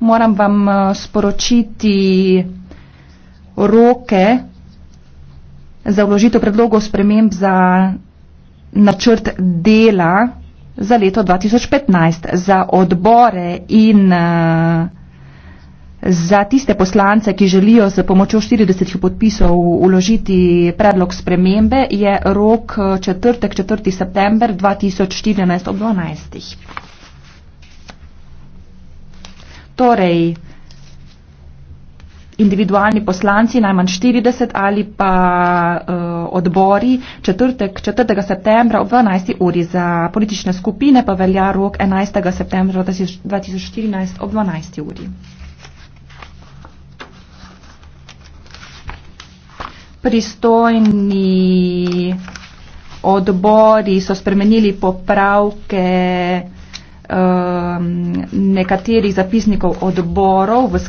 moram vam eh, sporočiti roke za vložitev predlogov sprememb za načrt dela za leto 2015 za odbore in eh, za tiste poslance, ki želijo s pomočjo 40 podpisov uložiti predlog spremembe, je rok eh, četrtek, 4. september 2014 ob 12. Torej, individualni poslanci najmanj 40 ali pa uh, odbori 4. 4. septembra ob 12. uri za politične skupine pa velja rok 11. septembra 2014 ob 12. uri. Pristojni odbori so spremenili popravke uh, um, nekaterih zapisnikov odborov v